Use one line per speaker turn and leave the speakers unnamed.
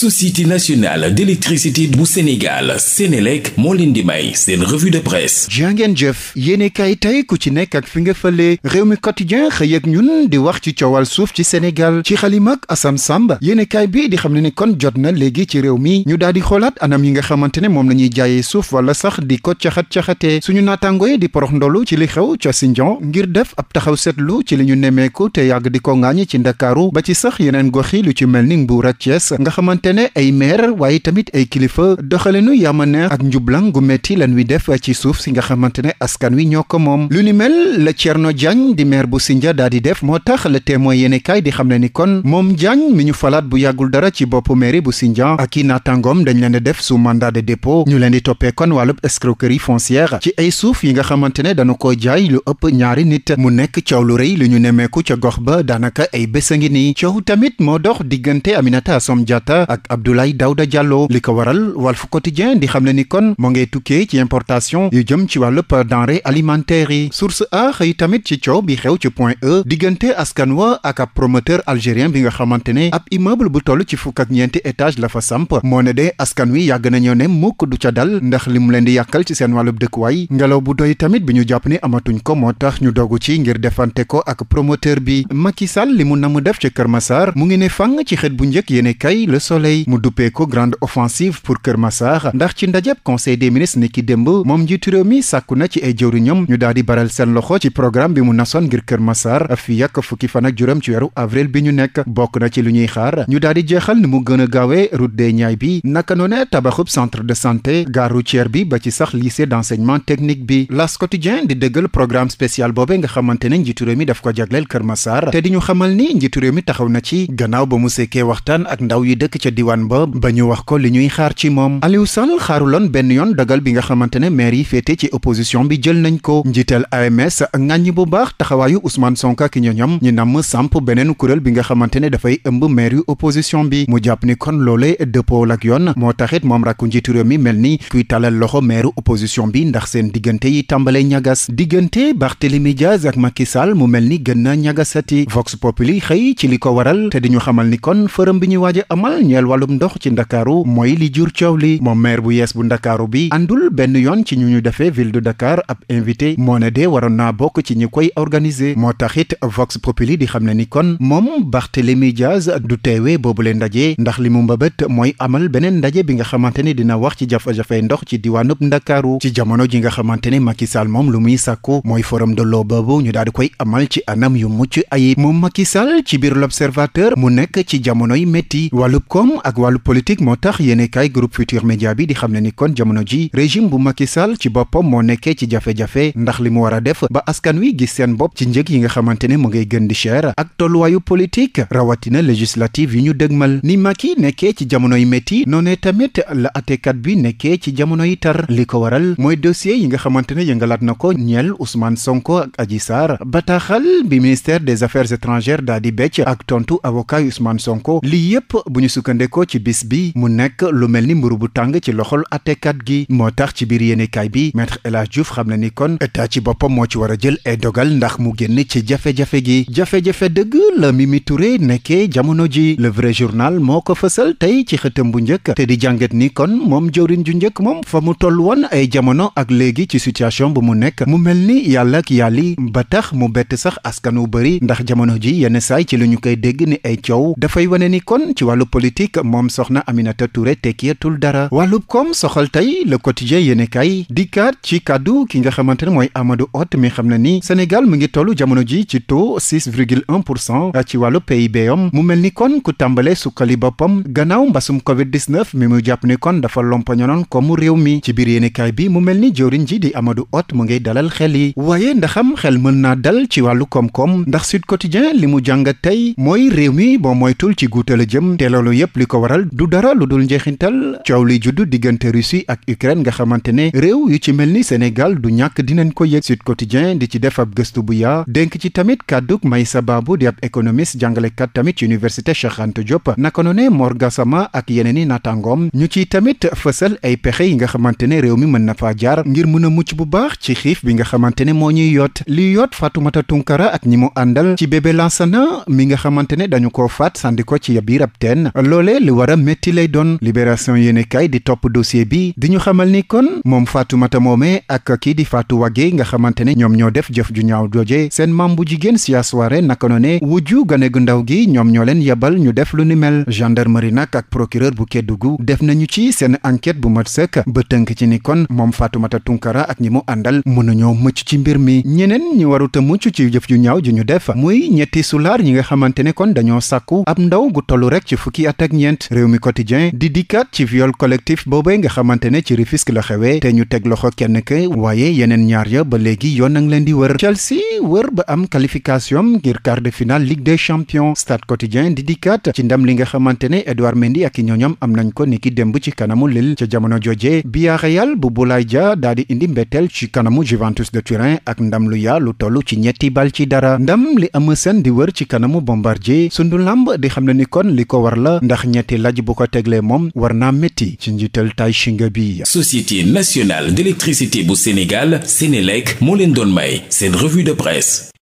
société nationale d'électricité bu Sénégal Sénélec moo leen di may seen revue de presse jàngeen jëf yéene kay tey ku ci nekk ak fi nga fële réew mi quotidien xëy ak ñun di wax ci coowal suuf ci Sénégal ci xalimak Assane Samba yéene bi di xam ne ni kon jot na léegi ci réew mi ñu daal di xoolaat anam yi nga xamante ne moom la ñuy jaayee suuf wala sax di ko caxat-caxatee suñu naataango yi di porox ndolu ci li xew ca Sindian ngir def ab taxaw seetlu ci li ñu nemmeeku te yàgg di ko ŋaañi ci Ndakaaru ba ci sax yeneen gox yi lu ci mel ni xamante ne ay maire waaye tamit ay kilifa doxalinu yamane ak njublang gu metti lan wi def ci suuf si nga xamante ne askan wi ñoo ko moom lu ni mel la Thierno jàng di maire bu Sindia daa di def moo tax la témoin yéene kaay di xam ne ni kon moom Diagne mi ñu falaat bu yàggul dara ci boppu mairie bu Sindia ak i naataangoom dañu leen di def su mandat de dépôt ñu leen di toppee kon wàllub escroquerie foncière ci ay suuf yi nga xamante ne dañu ko jaay lu ëpp ñaari nit mu nekk coow lu rëy lu ñu nemmeeku ca gox ba daanaka ay bés a ngi nii coow tamit moo dox diggante Aminata Assome Diatta ak Abdoulaye Daouda Diallo li ko waral Walf Quotidien di xam ne ni kon moo ngay tukkee ci importation yu jëm ci wàllub denrée alimentaire yi source a xëy tamit ci coow bi xew ci point E diggante askan wa ak ab promoteur algérien bi nga xamante ne ab immeuble bu toll ci fukk ak ñeenti étage la fa samp moo ne de askan wi yàgg nañoo ne mukk du ca dal ndax li mu leen di yàkkal ci seen wàllub dëkkuwaay ngelaw bu doy tamit bi ñu jàpp ne amatuñ ko moo tax ñu dogu ci ngir defante ko ak promoteur bi Macky Sall li mu namu def ci Kër Massar mu ngi ne fàng ci xët bu njëkk yéene kay Bambey mu duppee ko grande offensive pour Kër Massar ndax ci ndajeb conseil des ministres ni ki démb moom njiitu mi sàkku na ci ay jëwriñam ñu daal di seen loxo ci programme bi mu nasoon ngir Kër Massar fii ak fukki fan ak juróom ci weeru avril bi ñu nekk bokk na ci lu ñuy xaar ñu daal jeexal ni mu gën a gaawee route des Niayes bi naka noone tabaxub centre de santé gare routière bi ba ci sax lycée d'enseignement technique bi L'As Quotidien di dëggal diwaan ba ba ñu wax ko li ñuy xaar ci moom Aliou Sall xaaruloon benn yoon dogal bi nga xamante ne maire yi féete ci opposition bi jël nañ ko njiital AMS ŋàññi bu baax taxawaayu Ousmane Sonko ki ñoñam ñi namm samp beneen kuréel bi nga xamante ne dafay ëmb maire yu opposition bi mu jàpp ni kon loolee dëppool ak yoon moo taxit moom rakku njiitu réew mi mel ni kuy talal loxo maire opposition bi ndax seen diggante yi tàmbale ñagas diggante Barthélémy Diaz ak Macky Sall mu mel ni gën na ñagasati Vox Populi xëy ci li ko ñeel wàllum ndox ci ndakaaru mooy li jur coow li moom maire bu yees bu ndakaaru bi àndul benn yoon ci ñu ñu defee ville du Dakar ab invité moo ne dee waroon naa bokk ci ñi koy organiser moo taxit Vox Populi di xam ne ni kon moom Barthélémy Diaz du teewee boobu boobule ndaje ndax li mu mbëbët mooy amal beneen ndaje bi nga xamante ne dina wax ci jafe ndox ci diwaanub ndakaaru ci jamono ji nga xamante ne Macky Sall moom lu muy sàkku mooy forum de l'eau boobu ñu daal di koy amal ci anam yu mucc ayib moom Macky Sall ci biir l'observateur mu nekk ci jamonoy métti am ak wàllu politique moo tax yéene kaay groupe Futur Média bi di xam ne ni kon jamono régime bu Macky Sall ci boppam moo nekkee ci jafe-jafe ndax li mu war a def ba askan wi gis bopp ci njëg yi nga xamante ne mu ngay gën di cher ak tolluwaayu politique rawatina législative yi ñu dëgmal ni Macky nekkee ci jamono yi métti noonee tamit la atekat bi nekkee ci jamono yi tar li ko waral mooy dossier yi nga xamante ne yëngalaat na ko ñeel Ousmane Sonko ak Adji Sarr bataaxal bi ministère des affaires étrangères daal di becc ak tontu avocat Ousmane Sonko li jëfandikoo ci bis bi mu nekk lu mel ni mburu bu tàng ci loxol attekat gi moo tax ci biir yéenekaay bi maître El Hadj xam na ni kon état ci boppam moo ci war a jël ay dogal ndax mu génn ci jafe-jafe gi jafe-jafe dëgg la Mimi Touré nekkee jamono ji le vrai journal moo ko fësal tey ci xëtam bu njëkk te di jàngat ni kon moom jëwriñ ju njëkk moom fa mu toll woon ay jamono ak léegi ci situation bu mu nekk mu mel ni yàlla ak yàlli ba tax mu bett sax askan wu bëri ndax jamono ji yenn saay ci ñu koy dégg ay coow politique moom soxna Aminata Touré tekkiyatul dara wàllu koom soxal tey le quotidien yéene kay dikkaat ci kàddu ki nga xamante ne mooy amadu ot mi xam na ni Sénégal mu ngi tollu jamono ji ci taux 6 virgule 1 pour cent ci wàllu PIB yom mu mel ni kon ku tàmbalee sukkali boppam gannaaw mbasum covid 19 mi mu jàpp ni kon dafa lompoñonoon koomu réew mi ci biir yéene bi mu mel ni jëwriñ ji di amadu ot mu ngi dalal xel yi waaye ndaxam xel mën naa dal ci wàllu koom-koom ndax Sud Quotidien li mu jàngat tey mooy réew mi boo moytul ci guutal a jëm te loolu li ko waral du dara lu dul njeexintal coow liy judd diggante Russie ak Ukraine nga xamante ne réew yu ci mel ni Sénégal du ñàkk dinañ ko yëg Sud Quotidien di ci def ab gëstu bu yaa dénk ci tamit kàdduk Meissa Babou di ab économiste jàngalekat tamit ci université Cheikh Anta Diop naka noonu Mor Gassama ak yeneen i naataangoom ñu ciy tamit fësal ay pexe yi nga xamante ne réew mi mën na faa jaar ngir mën a mucc bu baax ci xiif bi nga xamante ne moo ñuy yoot li yoot Fatoumata Tunkara ak ñi mu àndal mi nga xamante ne faat loolee li war a métti lay doon libération yéenekaay di topp dossier bi di ñu xamal ni kon moom Fatoumata Moome ak kii di Fatou Wagué nga xamante ne ñoom ñoo def jëf ju ñaaw jooje seen maam bu jigéen Sia Souare naka noone wujju gane gu ndaw gi ñoom ñoo leen yebal ñu def lu ni mel gendarmerie nag ak procureur bu Kédougou def nañu ci seen enquête bu mat sëkk ba tënk ci ni kon moom Fatoumata Tunkara ak ñi mu àndal mënuñoo mucc ci mbir mi ñeneen ñi waruta mucc ci jëf ju ñaaw ju ñu def muy ñetti sulaar ñi nga xamante ne kon dañoo sàkku ab ndaw gu tollu rek ci fukki at ak ñeent réew mi quotidien di dikkaat ci viol collectif boobee nga xamante ne ci Rufisque la xewee te ñu teg loxo kenn ka waaye yeneen ñaar ya ba léegi yoon nang leen di wër Chelsea wër ba am qualification ngir quart de finale Ligue des champions stade quotidien di dikkaat ci ndam li nga xamante ne Edouard Mendy ak i ñooñom am nañ ko niki démb ci kanamu Lille ca jamono jooje Villarreal bu Boulaye Dia daa di indi mbetteel ci kanamu Juventus de Turin ak ndam lu yaa lu toll ci ñetti bal ci dara ndam li am seen di wër ci kanamu Bombardier sundu lamb di ñetti laj bu ko teglee moom war naa métti ci njiital tay shinga bi société nationale d'électricité bu Sénégal Sénélec moo leen doon may seen revue de presse